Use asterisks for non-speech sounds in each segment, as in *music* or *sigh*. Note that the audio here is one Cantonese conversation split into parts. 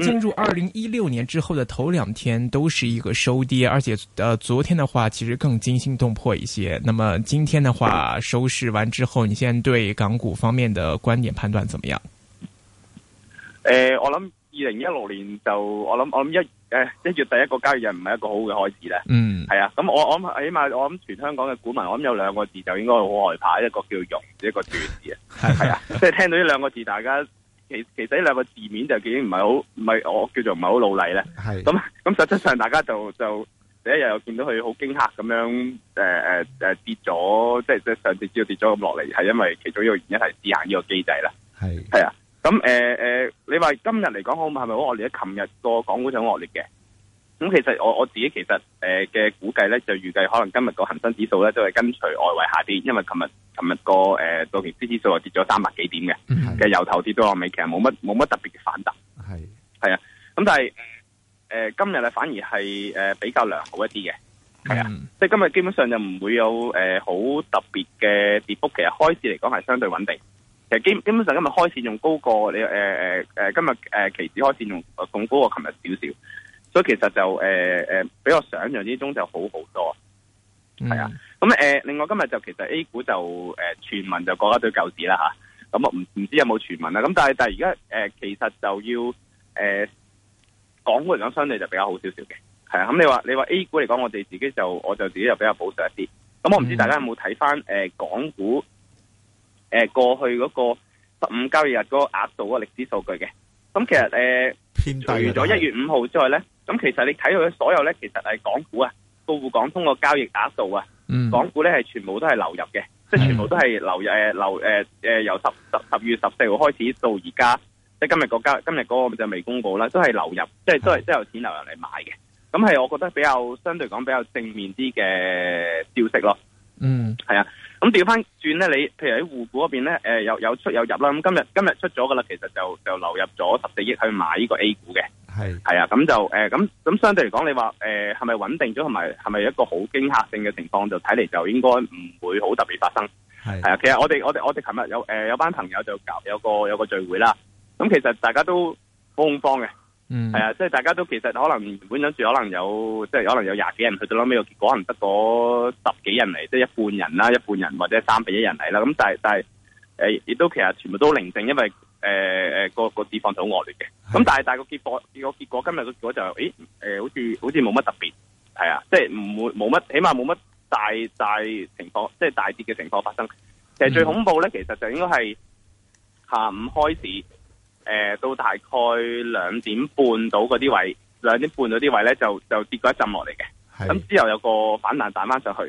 進入二零一六年之後的頭兩天都是一個收跌，而且，呃，昨天的話其實更驚心動魄一些。那麼今天的話，收市完之後，你現在對港股方面的觀點判斷怎麼樣？誒、呃，我諗二零一六年就我諗我諗一，誒、哎，跟住第一個交易日唔係一個好嘅開始咧。嗯，係啊。咁我我起碼我諗全香港嘅股民，我諗有兩個字就應該好害怕， *laughs* 一個叫熔，一個短字啊。係啊，即係聽到呢兩個字，大家。其其實呢兩個字面就已經唔係好，唔係我叫做唔係好努力咧，咁咁是實質上大家就就第一日又見到佢好驚嚇咁樣，誒跌咗，即係即係上跌知跌咗咁落嚟，係因為其中一個原因係試行呢個機制啦，係是啊，咁誒、呃呃、你話今日嚟講好唔係咪好惡劣咧？琴日個港股就好惡劣嘅。咁其實我我自己其實誒嘅、呃、估計咧，就預計可能今日個恒生指數咧都係跟隨外圍下跌，因為琴日琴日個誒個期指指數啊跌咗三百幾點嘅，的其實由頭跌到落尾，其實冇乜冇乜特別嘅反彈。係係啊，咁但係誒、呃、今日咧反而係誒比較良好一啲嘅，係啊，即係的今日基本上就唔會有誒好、呃、特別嘅跌幅。其實開市嚟講係相對穩定，其實基基本上今日開市仲高過你誒誒誒今日誒、呃、期指開市仲仲高過琴日少少。所以其實就誒誒、呃、比我想象之中就好好多，係、嗯、啊。咁誒、呃，另外今日就其實 A 股就誒、呃、傳聞就國家隊救市啦吓。咁啊，唔、嗯、唔知有冇傳聞啦。咁但係但係而家誒，其實就要誒、呃，港股嚟講相對就比較好少少嘅。係啊。咁你話你話 A 股嚟講，我哋自己就我就自己就比較保守一啲。咁我唔知大家有冇睇翻誒港股誒、呃、過去嗰個十五交易日嗰個額度嗰個歷史數據嘅。咁、嗯、其實誒，呃、除咗一月五號之外咧。咁其實你睇佢所有咧，其實係港股啊，包括港通個交易打數啊，嗯、港股咧係全部都係流入嘅，嗯、即係全部都係流入誒流誒誒由十十十月十四號開始到而家，即係今日交、那、家、個、今日嗰個就未公布啦，都係流入，即係都係都有錢流入嚟買嘅。咁係、嗯、我覺得比較相對講比較正面啲嘅消息咯。嗯，係啊。咁調翻轉咧，你譬如喺滬股嗰邊咧，誒、呃，有有出有入啦。咁、嗯、今日今日出咗噶啦，其實就就流入咗十四億去買呢個 A 股嘅。係係啊，咁就誒，咁、呃、咁相對嚟講，你話誒係咪穩定咗，同埋係咪一個好驚嚇性嘅情況，就睇嚟就應該唔會好特別發生。係係啊，其實我哋我哋我哋琴日有誒、呃、有班朋友就搞有個有個聚會啦。咁、嗯、其實大家都好恐慌嘅。嗯，係啊，即係大家都其實可能原本諗住可能有，即係可能有廿幾人去，到後尾個結果可能得嗰十幾人嚟，即係一半人啦，一半人或者三比一人嚟啦。咁但係但係誒，亦、呃、都其實全部都寧靜，因為誒誒、呃、個個指放就好惡劣嘅。咁的但係大個結果結果今日個結果就，誒誒、呃，好似好似冇乜特別，係啊，即係唔冇冇乜，起碼冇乜大大情況，即係大跌嘅情況發生。其實最恐怖咧，其實就應該係下午開始。誒、呃，到大概兩點半到嗰啲位，兩點半到啲位咧，就就跌過一陣落嚟嘅。咁的之後有個反彈彈翻上去，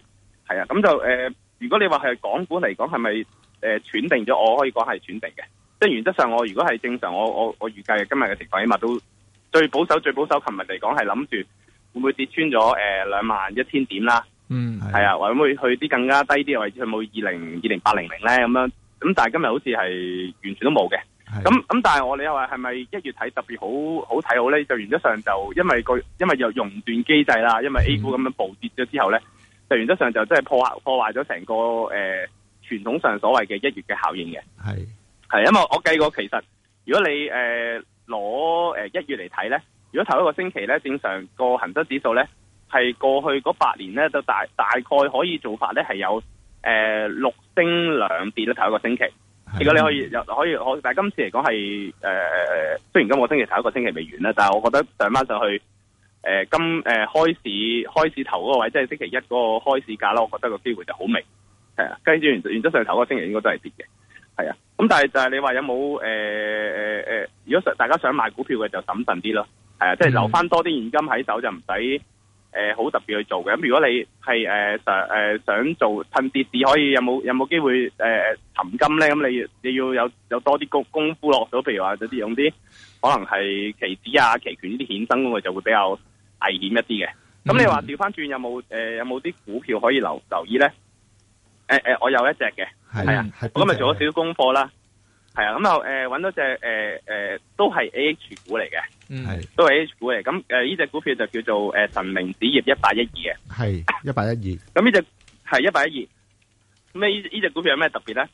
係啊。咁就誒、呃，如果你話係港股嚟講，係咪誒喘定咗？我可以講係喘定嘅。即係原則上，我如果係正常，我我我預計今日嘅，情況最起碼都最保守最保守，琴日嚟講係諗住會唔會跌穿咗誒兩萬一千點啦？嗯，係啊，或者會去啲更加低啲嘅位置，去冇二零二零八零零咧咁樣。咁但係今日好似係完全都冇嘅。咁咁是，但係我哋又話係咪一月睇特別好好睇好咧？就原則上就，因為個因為有熔斷機制啦，因為 A 股咁樣暴跌咗之後咧，嗯、就原則上就真係破壞破壞咗成個誒，傳、呃、統上所謂嘅一月嘅效應嘅。係係是，因為我我計過，其實如果你誒攞誒一月嚟睇咧，如果頭一個星期咧，正常個恒生指數咧係過去嗰八年咧，就大大概可以做法咧係有誒六升兩跌都頭一個星期。如果你可以又可以我，但係今次嚟講係誒，雖然今個星期頭一個星期未完啦，但係我覺得上翻上去誒、呃，今誒、呃、開市開市頭嗰個位，即係星期一嗰個開市價咯，我覺得個機會就好明顯係啊。跟住原則上頭個星期應該都係跌嘅，係啊。咁但係就係你話有冇誒誒誒，如果大家想買股票嘅就審慎啲咯，係啊，即係留翻多啲現金喺手就唔使。誒，好、呃、特別去做嘅。咁如果你係誒想誒想做趁跌市，可以有冇有冇機會誒尋金咧？咁、呃、你你要有有多啲功功夫落手。譬如話嗰啲用啲可能係期指啊、期權呢啲衍生工具就會比較危險一啲嘅。咁你話調翻轉有冇誒有冇啲、呃、股票可以留留意咧？誒、呃、誒、呃，我有一隻嘅，係啊，我今日做咗少少功課啦，係啊的，咁就誒搵到隻誒誒都係 A H 股嚟嘅。嗯、都係 H 股嘅，咁誒呢隻股票就叫做誒、呃、神明紙業一八一二嘅，係一八一、啊、一,一二。咁呢隻係一八一二。咁呢呢隻股票有咩特別咧？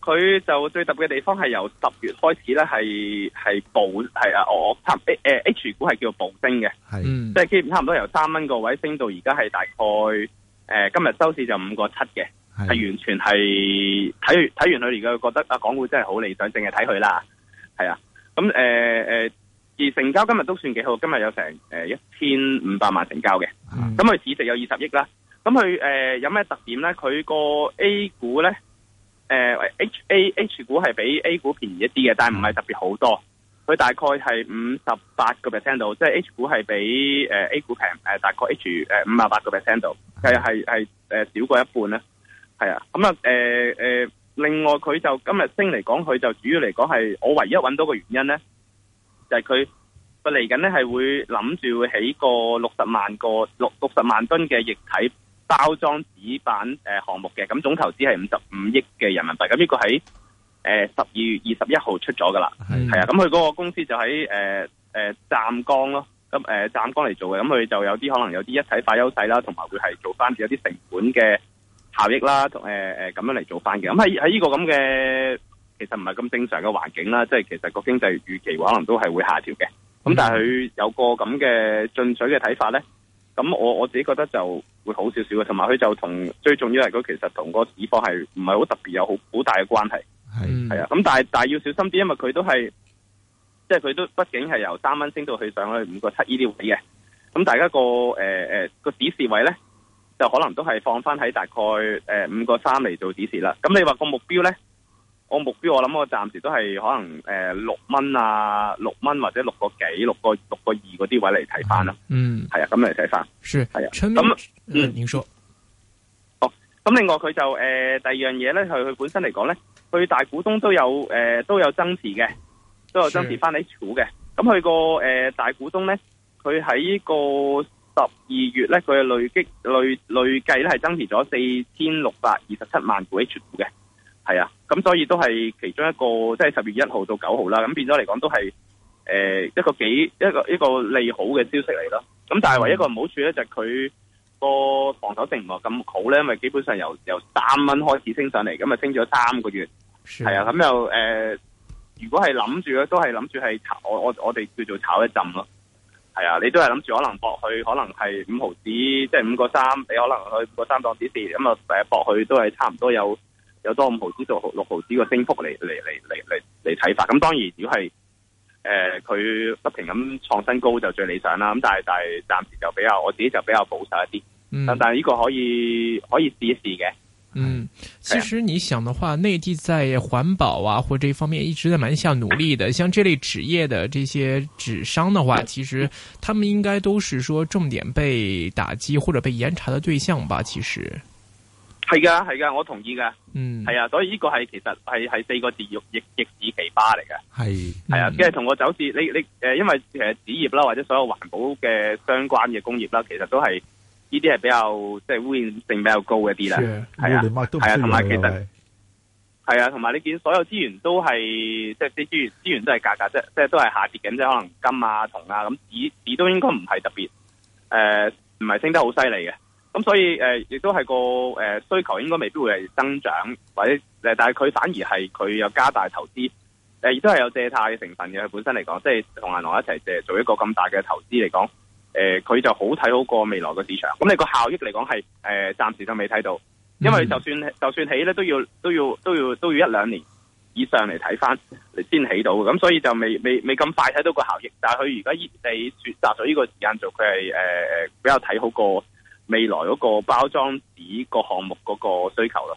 佢就最特別嘅地方係由十月開始咧，係係暴係啊，我差誒、呃、H 股係叫暴升嘅，係是，即係基本差唔多由三蚊個位升到而家係大概誒、呃、今日收市就五個七嘅，係是完全係睇完睇完佢而家覺得啊港股真係好理想，淨係睇佢啦，係啊，咁誒誒。呃呃而成交今日都算幾好，今日有成誒一千五百萬成交嘅，咁佢、嗯、市值有二十億啦。咁佢誒有咩特點咧？佢個 A 股咧，誒、呃、H A H 股係比 A 股便宜一啲嘅，但係唔係特別好多。佢、嗯、大概係五十八個 percent 度，即係 H 股係比誒、呃、A 股平誒、呃、大概 H 誒五啊八個 percent 度，係係係誒少過一半咧。係啊，咁啊誒誒，另外佢就今日升嚟講，佢就主要嚟講係我唯一揾到個原因咧。就係佢，佢嚟緊咧，係會諗住會起個六十萬個六六十萬噸嘅液體包裝紙板誒、呃、項目嘅，咁總投資係五十五億嘅人民幣。咁呢個喺誒十二月二十一號出咗噶啦，係啊的。咁佢嗰個公司就喺誒誒湛江咯，咁誒湛江嚟做嘅。咁佢就有啲可能有啲一體化優勢啦，同埋會係做翻有啲成本嘅效益啦，同、呃、咁樣嚟做翻嘅。咁喺喺呢個咁嘅。其實唔係咁正常嘅環境啦，即係其實個經濟預期可能都係會下調嘅。咁、嗯、但係佢有個咁嘅進取嘅睇法呢。咁我我自己覺得就會好少少嘅。同埋佢就同最重要係佢其實同個指放係唔係好特別有好好大嘅關係。係啊、嗯，咁但係但係要小心啲，因為佢都係即係佢都畢竟係由三蚊升到去上去五個七呢啲位嘅。咁大家個誒誒、呃、個止蝕位呢，就可能都係放翻喺大概誒五個三嚟做止蝕啦。咁你話個目標呢？我目標，我諗我暫時都係可能六蚊、呃、啊，六蚊或者六個幾、六個六個二嗰啲位嚟睇翻啦。嗯，係啊，咁嚟睇翻。是係啊，咁名那嗯，您說哦，咁另外佢就、呃、第二樣嘢咧，佢佢本身嚟講咧，佢大股東都有都有增持嘅，都有增持翻 H 股嘅。咁佢個呃、大股東咧，佢喺個十二月咧，佢累積累累計咧係增持咗四千六百二十七萬股 H 股嘅。係啊，咁所以都係其中一個，即係十月一號到九號啦。咁變咗嚟講，都係誒一個幾一個一個利好嘅消息嚟咯。咁但係唯一一個唔好處咧，就係佢個防守性唔係咁好咧，因為基本上由由三蚊開始升上嚟，咁啊升咗三個月。係啊，咁、啊、又誒、呃，如果係諗住咧，都係諗住係炒我我我哋叫做炒一浸咯。係啊，你都係諗住可能博去，可能係五毫子，即係五個三，你可能去五個三檔止跌，咁啊博去都係差唔多有有多五毫子到六毫子嘅升幅嚟嚟嚟嚟嚟嚟睇法，咁當然，如果係誒佢不停咁創新高就最理想啦。咁但係但係暫時就比較，我自己就比較保守一啲。嗯、但但係呢個可以可以試一試嘅。嗯，其實你想的話，是內地在環保啊或者方面一直在蠻下努力的。像這類紙業的這些紙商的話，嗯、其實他們應該都是說重點被打擊或者被嚴查的對象吧？其實。係噶，係噶，我同意噶、嗯。嗯，係啊，所以呢個係其實係係四個字，亦亦指奇葩嚟嘅。係係啊，即係同個走勢，你你誒、呃，因為其實紙業啦，或者所有環保嘅相關嘅工業啦，其實都係呢啲係比較即係污染性比較高一啲啦。係啊的，同埋係啊，同埋其實係啊，同埋你見所有資源都係即係啲資源，資源都係價格即係即係都係下跌緊，即係可能金啊、銅啊咁，紙紙都應該唔係特別誒，唔、呃、係升得好犀利嘅。咁所以，誒、呃，亦都係個誒、呃、需求應該未必會係增長，或者但係佢反而係佢有加大投資，誒、呃，亦都係有借貸嘅成分嘅。本身嚟講，即係同銀行一齊借，做一個咁大嘅投資嚟講，誒、呃，佢就好睇好過未來嘅市場。咁你個效益嚟講係、呃、暫時就未睇到，因為就算就算起咧，都要都要都要都要，都要一兩年以上嚟睇翻，嚟先起到咁、嗯、所以就未未未咁快睇到個效益。但係佢而家依你選擇咗依個時間做，佢係誒比較睇好過。未來嗰個包裝紙個項目，嗰個需求咯。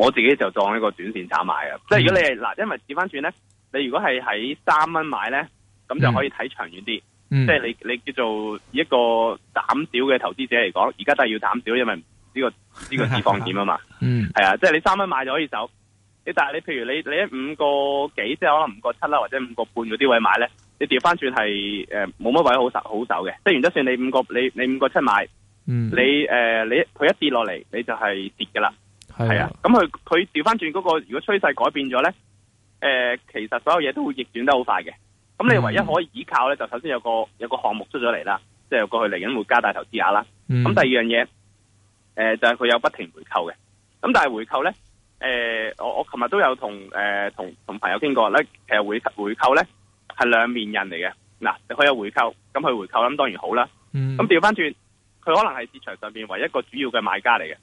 我自己就當呢個短線炒賣啊！即係、嗯、如果你係嗱，因為調翻轉咧，你如果係喺三蚊買咧，咁就可以睇長遠啲。嗯嗯、即係你你叫做一個膽小嘅投資者嚟講，而家都係要膽小，因為呢、這個呢 *laughs* 個市況點啊嘛。係、嗯、啊，即係你三蚊買就可以走。你但係你譬如你你喺五個幾，即係可能五個七啦，或者五個半嗰啲位買咧，你調翻轉係誒冇乜位好手好手嘅。即係原則算，你五個你你五個七買，你誒、呃、你佢、嗯呃、一,一跌落嚟，你就係跌噶啦。係啊，咁佢佢調翻轉嗰個如果趨勢改變咗咧，誒、呃，其實所有嘢都會逆轉得好快嘅。咁你唯一可以依靠咧，就首先有個有個項目出咗嚟啦，即係過去嚟緊會加大投資額啦。咁第二樣嘢，誒、呃，就係、是、佢有不停回購嘅。咁但係回購咧，誒、呃，我我琴日都有同誒同同朋友傾過咧，其實回回購咧係兩面人嚟嘅。嗱，佢有回購，咁佢回購咁當然好啦。咁調翻轉，佢可能係市場上邊唯一一個主要嘅買家嚟嘅。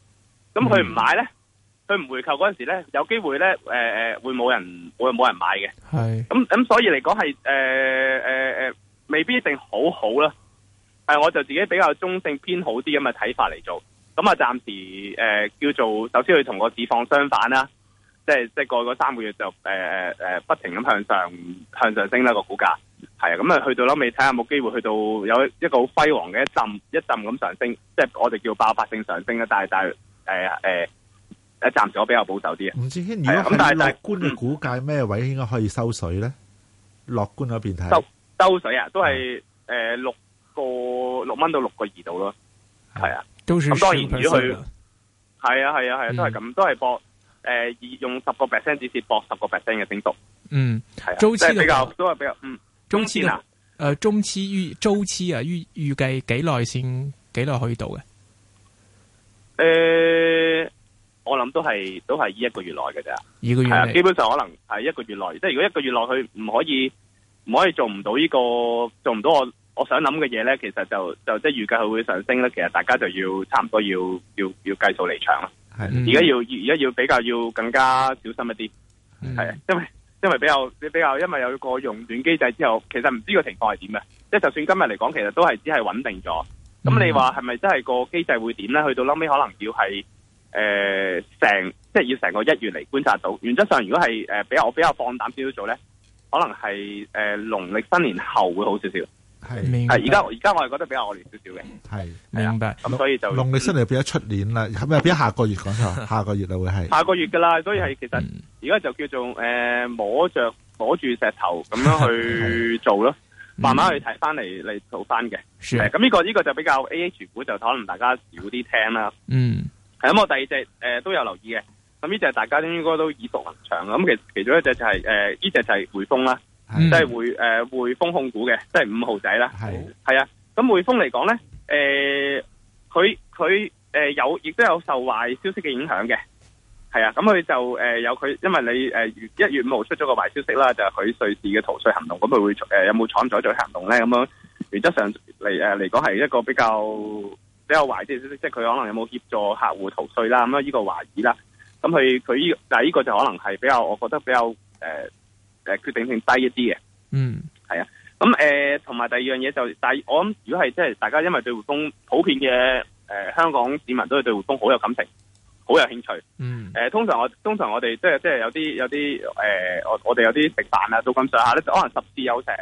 咁佢唔買咧？嗯佢唔回購嗰陣時咧，有機會咧，呃，會冇人，會冇人買嘅。咁咁是、嗯嗯，所以嚟講係未必一定好好啦。係、呃、我就自己比較中性偏好啲咁嘅睇法嚟做。咁、嗯、啊，暫時、呃、叫做首先佢同個市況相反啦，即係即係過嗰三個月就誒、呃呃、不停咁向上向上升啦個股價。係啊，咁、嗯、啊去到啦尾，睇下有冇機會去到有一個好輝煌嘅一浸一浸咁上升，即、就、係、是、我哋叫爆發性上升啦。但係但誒，站咗比較保守啲啊。吳子軒如果咁，但係但係，樂觀估計咩位應該可以收水咧？樂觀嗰邊睇收收水啊，都係誒六個六蚊到六個二度咯。係啊，都算當係啊，係啊，係啊，都係咁，都係博誒，用十個 percent 只是博十個 percent 嘅升幅。嗯，係。周期比較都係比較嗯，中期啊，誒，中期預周期啊，預預計幾耐先幾耐可以到嘅？誒。我諗都係都係依一個月內嘅啫，一個月係啊，基本上可能係一個月內，即係如果一個月內佢唔可以唔可以做唔到呢、這個做唔到我我想諗嘅嘢咧，其實就就即係預計佢會上升咧。其實大家就要差唔多要要要計數離場啦。係而家要而家要比較要更加小心一啲，係、嗯啊、因為因為比較比較因為有一個熔斷機制之後，其實唔知個情況係點嘅。即係就算今日嚟講，其實都係只係穩定咗。咁、嗯、你話係咪真係個機制會點咧？去到後尾可能要係。誒，成即係要成個一月嚟觀察到。原則上，如果係誒，比較我比較放膽少少做咧，可能係誒農曆新年後會好少少。係，係而家而家我係覺得比較惡劣少少嘅。係，明白。咁所以就農曆新年變咗出年啦，係咪變咗下個月？講錯，下個月啦會係。下個月噶啦，所以係其實而家就叫做誒摸着摸住石頭咁樣去做咯，慢慢去睇翻嚟嚟做翻嘅。咁呢個呢個就比較 A H 股就可能大家少啲聽啦。嗯。係咁，我第二隻誒、呃、都有留意嘅。咁呢隻大家應該都應該都耳熟能詳，咁其其中一隻就係、是、誒，呢、呃、隻就係匯豐啦，即係匯誒匯豐控股嘅，即係五號仔啦。係係啊。咁匯豐嚟講咧，誒，佢佢誒有亦都有受壞消息嘅影響嘅。係啊。咁佢就誒、呃、有佢，因為你誒一、呃、月五號出咗個壞消息啦，就係、是、佢瑞士嘅逃稅行動，咁佢會誒、呃、有冇採取咗再行動咧？咁、嗯、樣原則上嚟誒嚟講係一個比較。比較懷疑即即佢可能有冇協助客戶逃稅啦，咁啊依個懷疑啦，咁佢佢依嗱依個就可能係比較，我覺得比較誒誒、呃、決定性低一啲嘅、嗯。嗯、係、呃、啊，咁誒同埋第二樣嘢就，但係我諗如果係即係大家因為對匯豐普遍嘅誒、呃、香港市民都係對匯豐好有感情，好有興趣。嗯、呃，誒通常我通常我哋即係即係有啲有啲誒、呃，我我哋有啲食飯啊，都咁上下咧，可能十次有成誒、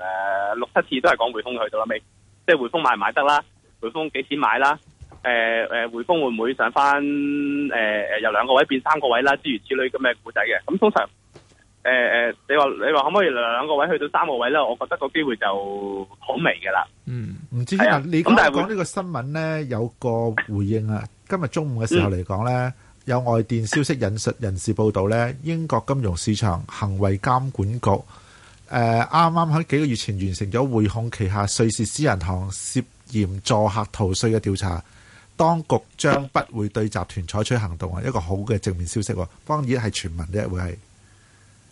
呃、六七次都係講匯豐去到啦，未即係匯豐買唔買得啦？匯豐幾錢買啦？誒誒，匯豐會唔會上翻誒誒由兩個位變三個位啦？諸如此類咁嘅股仔嘅，咁通常誒誒，你話你話可唔可以兩個位去到三個位咧？我覺得個機會就好微噶啦。嗯，唔知啊。咁但係講呢個新聞咧，有個回應啊。今日中午嘅時候嚟講咧，有外電消息引述人士報道咧，英國金融市場行為監管局誒啱啱喺幾個月前完成咗匯控旗下瑞士私人行涉。嚴助客逃稅嘅調查，當局將不會對集團採取行動啊！一個好嘅正面消息，當然係傳聞啫，會係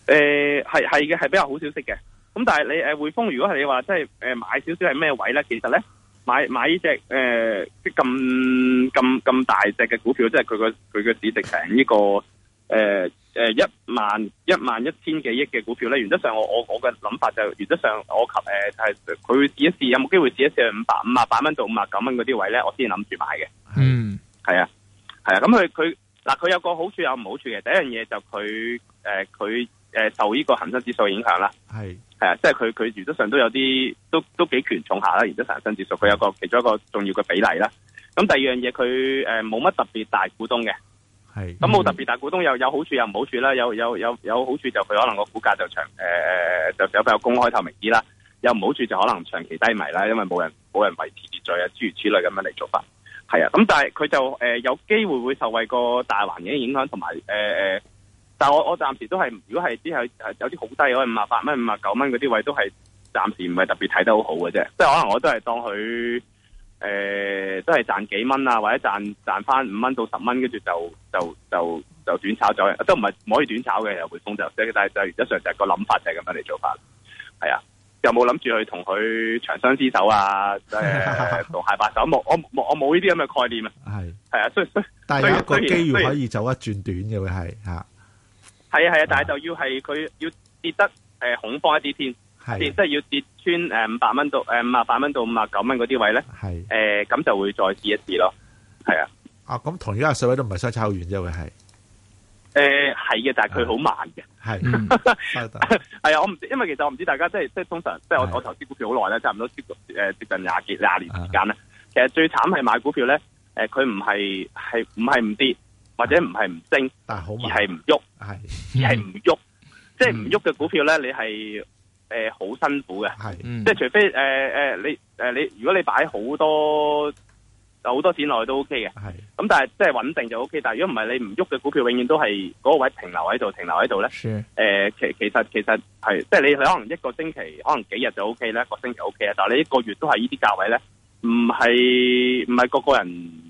誒係係嘅係比較好消息嘅。咁但係你誒匯豐如果係你話即係誒買少少係咩位咧？其實咧買買呢隻誒即咁咁咁大隻嘅股票，即係佢個佢個市值成呢個誒。呃誒、呃，一萬一萬一千幾億嘅股票咧，原則上我我我嘅諗法就，原則上我及誒，係佢試一試有冇機會試一試五百五啊八蚊到五啊九蚊嗰啲位咧，我先諗住買嘅，嗯啊啊，嗯，係啊，係啊，咁佢佢嗱，佢有個好處有唔好處嘅。第一樣嘢就佢誒，佢，呃、誒受呢個恒生指數影響啦。係係是 啊，即係佢佢原則上都有啲，都都幾權重下啦。原則上恒生指數佢有個其中一個重要嘅比例啦。咁第二樣嘢，佢誒冇乜特別大股東嘅。係咁，冇、嗯、特別大股東又有，有好處又唔好處啦。有有有有好處就佢可能個股價就長誒、呃，就比較公開透明啲啦。有唔好處就可能長期低迷啦，因為冇人冇人維持秩序啊，諸如此類咁樣嚟做法。係啊，咁但係佢就誒、呃、有機會會受惠個大環境影響，同埋誒誒。但係我我暫時都係，如果係只係有啲好低嗰五十八蚊、五十九蚊嗰啲位，都係暫時唔係特別睇得好好嘅啫。即係可能我都係當佢。誒、呃，都係賺幾蚊啊，或者賺賺翻五蚊到十蚊，跟住就就就就，就短炒走人都唔係唔可以短炒嘅，就是那個啊，又會風就，即但係就原則上就個諗法就係咁樣嚟做法，係啊，有冇諗住去同佢長相廝守啊？係同蟹白手，我我我冇呢啲咁嘅概念啊，係係 *laughs* 啊，所以所以但係一個機會可以走一轉短嘅會係吓，係啊係啊，但係就要係佢要跌得誒、呃、恐慌一啲先。即係要跌穿誒五百蚊到誒五廿八蚊到五廿九蚊嗰啲位咧，係誒咁就會再跌一跌咯，係啊，啊咁同而家水位都唔係相差好遠啫，因為係誒係嘅，但係佢好慢嘅，係係啊，我唔知，因為其實我唔知大家即係即係通常即係我我投資股票好耐咧，差唔多接誒近廿幾廿年時間咧，其實最慘係買股票咧，誒佢唔係係唔係唔跌或者唔係唔升，但係好而係唔喐，係係唔喐，即係唔喐嘅股票咧，你係。誒，好、呃、辛苦嘅，係，嗯、即係除非誒誒、呃呃，你誒、呃、你，如果你擺好多好多錢落去都 OK 嘅，係是，咁但係即係穩定就 OK，但係如果唔係你唔喐嘅股票，永遠都係嗰個位停留喺度，停留喺度咧，誒是、呃，其實其實其實係，即係你可能一個星期，可能幾日就 OK 咧，個星期就 OK 啊，但係你一個月都係呢啲價位咧，唔係唔係個個人。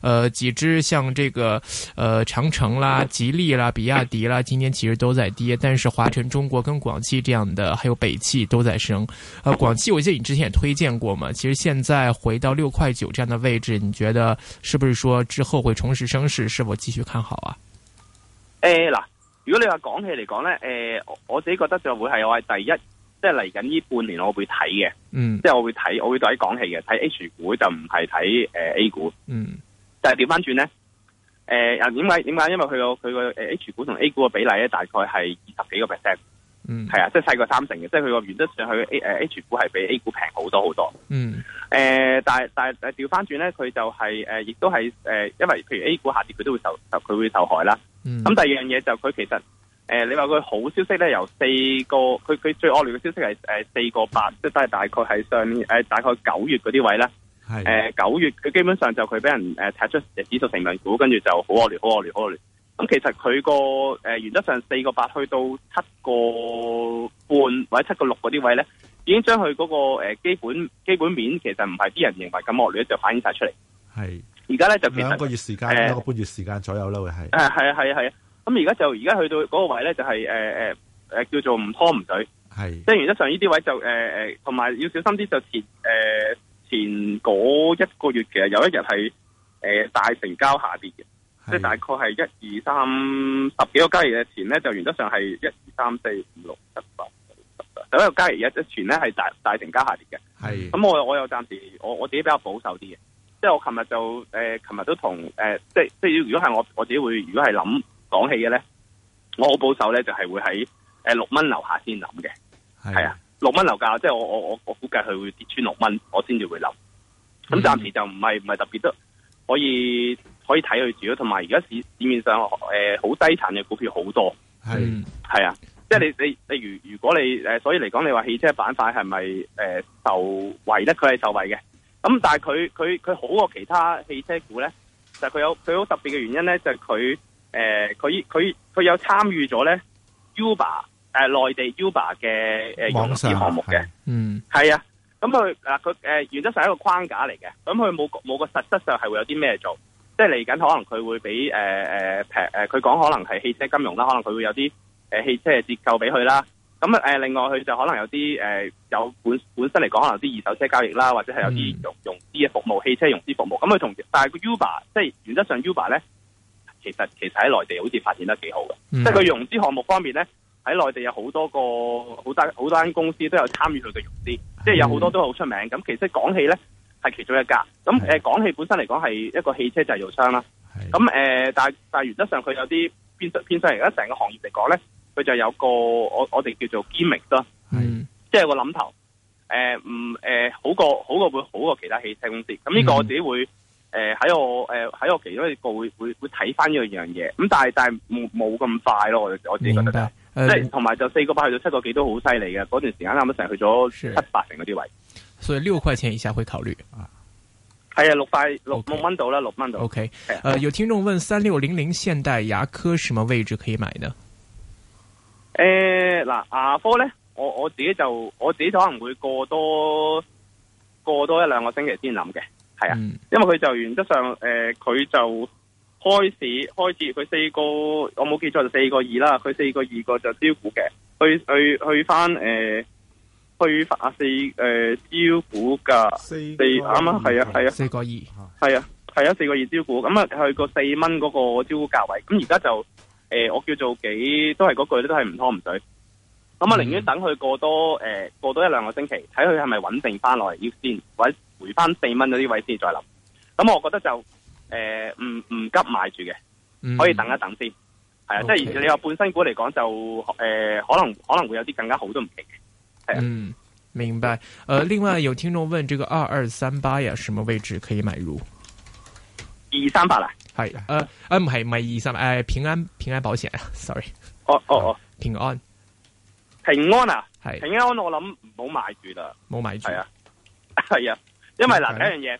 呃幾支像這個，呃長城啦、吉利啦、比亞迪啦，今天其實都在跌，但是華晨中國跟廣汽這樣的，還有北汽都在升。呃廣汽，我記得你之前也推薦過嘛，其實現在回到六塊九這樣的位置，你覺得是不是說之後會重拾升勢？是否繼續看好啊？誒，嗱，如果你話廣汽嚟講呢，呃我自己覺得就會係我係第一，即係嚟緊呢半年我會睇嘅，嗯，即係我會睇，我會睇廣汽嘅，睇 H 股就唔係睇誒 A 股，嗯。但係調翻轉咧，誒、呃，啊，點解點解？因為佢個佢個誒 H 股同 A 股嘅比例咧，大概係二十幾個 percent，嗯，係啊，即係細過三成嘅，即係佢個原則上去 A 誒 H 股係比 A 股平好多好多，嗯，誒、呃，但係但係但係調翻轉咧，佢就係、是、誒，亦、呃、都係誒、呃，因為譬如 A 股下跌，佢都會受受佢會受害啦，咁、嗯、第二樣嘢就佢其實誒、呃，你話佢好消息咧，由四個，佢佢最惡劣嘅消息係誒四個八，即係都係大概喺上誒、呃、大概九月嗰啲位啦。誒，九是、呃、月佢基本上就佢俾人誒踢、呃、出指數成分股，跟住就好惡劣、好惡劣、好惡劣。咁、嗯、其實佢個誒原則上四個八去到七個半或者七個六嗰啲位咧，已經將佢嗰、那個誒、呃、基本基本面其實唔係啲人認為咁惡劣，就反映晒出嚟。係是，而家咧就其實兩個月時間，呃、一個半月時間左右啦，會係。誒，係啊，係啊，係啊。咁而家就而家去到嗰個位咧，就係誒誒誒叫做唔湯唔水。係是，即係原則上呢啲位就誒誒，同、呃、埋要小心啲就跌誒。呃前嗰一個月其實有一日係誒大成交下跌嘅，即係的大概係一二三十幾個交易日前咧，就原則上係一二三四五六七八九十啊，十幾個交易日一前咧係大大成交下跌嘅。係的，咁、嗯、我我有暫時我我自己比較保守啲嘅，即係我琴日就誒琴日都同誒、呃、即係即係如果係我我自己會如果係諗講起嘅咧，我好保守咧就係、是、會喺誒六蚊樓下先諗嘅，係啊的。六蚊樓價，即係我我我我估計佢會跌穿六蚊，我先至會留。咁暫時就唔係唔係特別得可以可以睇佢住咯。同埋而家市市面上誒好、呃、低殘嘅股票好多，係係啊，即係你你例如如果你誒，所以嚟講你話汽車板塊係咪誒受惠咧？佢係受惠嘅。咁但係佢佢佢好過其他汽車股咧，就佢、係、有佢好特別嘅原因咧，就係佢誒佢佢佢有參與咗咧 Uber。誒，內地 Uber 嘅誒融資項目嘅，嗯，係啊，咁佢嗱佢誒，原則上係一個框架嚟嘅，咁佢冇冇個實質上係會有啲咩做，即係嚟緊可能佢會俾誒誒誒，佢、呃、講可能係汽車金融啦，可能佢會有啲誒汽車嘅折扣俾佢啦，咁誒，另外佢就可能有啲誒有本本身嚟講可能有啲二手車交易啦，或者係有啲融融資嘅服務，汽車融資服務，咁佢同但係 Uber 即係原則上 Uber 咧，其實其實喺內地好似發展得幾好嘅，嗯、即係佢融資項目方面咧。喺內地有好多個好多好多間公司都有參與佢嘅融資，是的即係有好多都好出名。咁其實廣汽咧係其中一家。咁誒，廣汽的、呃、本身嚟講係一個汽車製造商啦。咁誒的、嗯呃，但但原則上佢有啲偏偏西。而家成個行業嚟講咧，佢就有個我我哋叫做 gimmick 啦的，即係有個諗頭。誒唔誒好過好過會好過其他汽車公司。咁呢的個我自己會誒喺的、呃、我誒喺、呃、我其中一個會會會睇翻呢樣嘢。咁但係但係冇冇咁快咯。我我自己覺得。即係同埋就四個八去到七個幾都好犀利嘅，嗰段時間啱啱成去咗七八成嗰啲位，所以六塊錢以下會考慮啊。係啊，六塊六六蚊到啦，六蚊到。O K，誒，有聽眾問三六零零現代牙科什麼位置可以買呢？誒、呃、嗱、啊，牙科咧，我我自己就我自己可能會過多過多一兩個星期先諗嘅，係啊，因為佢就原則上誒，佢、呃、就。開始，開始佢四個我冇記錯就四個二啦。佢四個二個就招股嘅，去去去翻誒，去翻四誒招股噶四啱啱，係啊係啊，四、呃、四個二係四剛啊係啊，啊，啊，四個二招股咁啊去個四蚊嗰個招股價位，咁而家就誒、呃、我叫做幾都係嗰句咧，都係唔拖唔水。咁啊，寧願等佢過多誒、呃、過多一兩個星期，睇佢係咪穩定翻落嚟，要先或者回翻四蚊嗰啲位先再諗。咁我覺得就。誒，唔唔、呃、急買住嘅，嗯、可以等一等先。係啊，即係 Okay. 你話半新股嚟講，就、呃、誒可能可能會有啲更加好都唔奇嘅。嗯，明白。誒、呃，另外有聽眾問，這個二二三八呀，什麼位置可以買入？二三八啦，係啊，誒、呃、誒，唔係唔係二三八誒平安平安保險啊，sorry。哦哦哦，平安平安啊，係的平安我諗唔好買住啦，冇買住啊，係啊，因為嗱第本一樣嘢，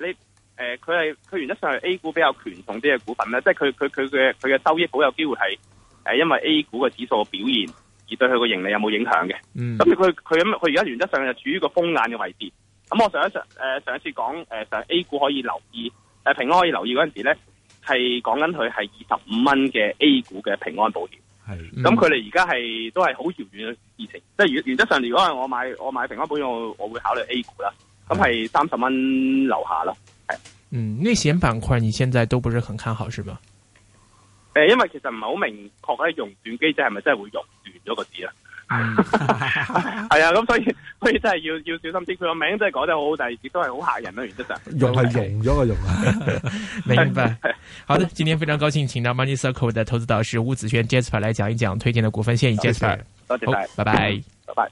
你你。誒，佢係佢原則上係 A 股比較權重啲嘅股份咧，即係佢佢佢嘅佢嘅收益好有機會係誒，因為 A 股嘅指數表現而對佢個盈利有冇影響嘅。咁佢佢佢而家原則上係處於個風眼嘅位置。咁、嗯、我上一上誒、呃、上一次講誒、呃、上 A 股可以留意誒、呃、平安可以留意嗰陣時咧係講緊佢係二十五蚊嘅 A 股嘅平安保險。係，咁佢哋而家係都係好遙遠嘅事情。即係原原則上如果係我買我買平安保險我我會考慮 A 股啦。咁係三十蚊樓下啦。係，嗯，內險板塊你現在都不是很看好，是吧？誒，因為其實唔係好明確喺熔斷機制係咪真係會熔斷咗個字啦，係啊，咁所以所以真係要要小心啲。佢個名真係講得好好，但係亦都係好吓人啦，原則係熔係熔咗個熔啊，明白。好的，今天非常高興，請到 Money Circle 的投資導師吳子軒 Jasper 來講一講推薦的股份建議。Jasper，多謝，好，拜拜，拜拜，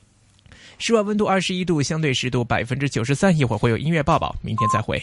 室外温度二十一度，相對濕度百分之九十三，一會會有音樂報報，明天再會。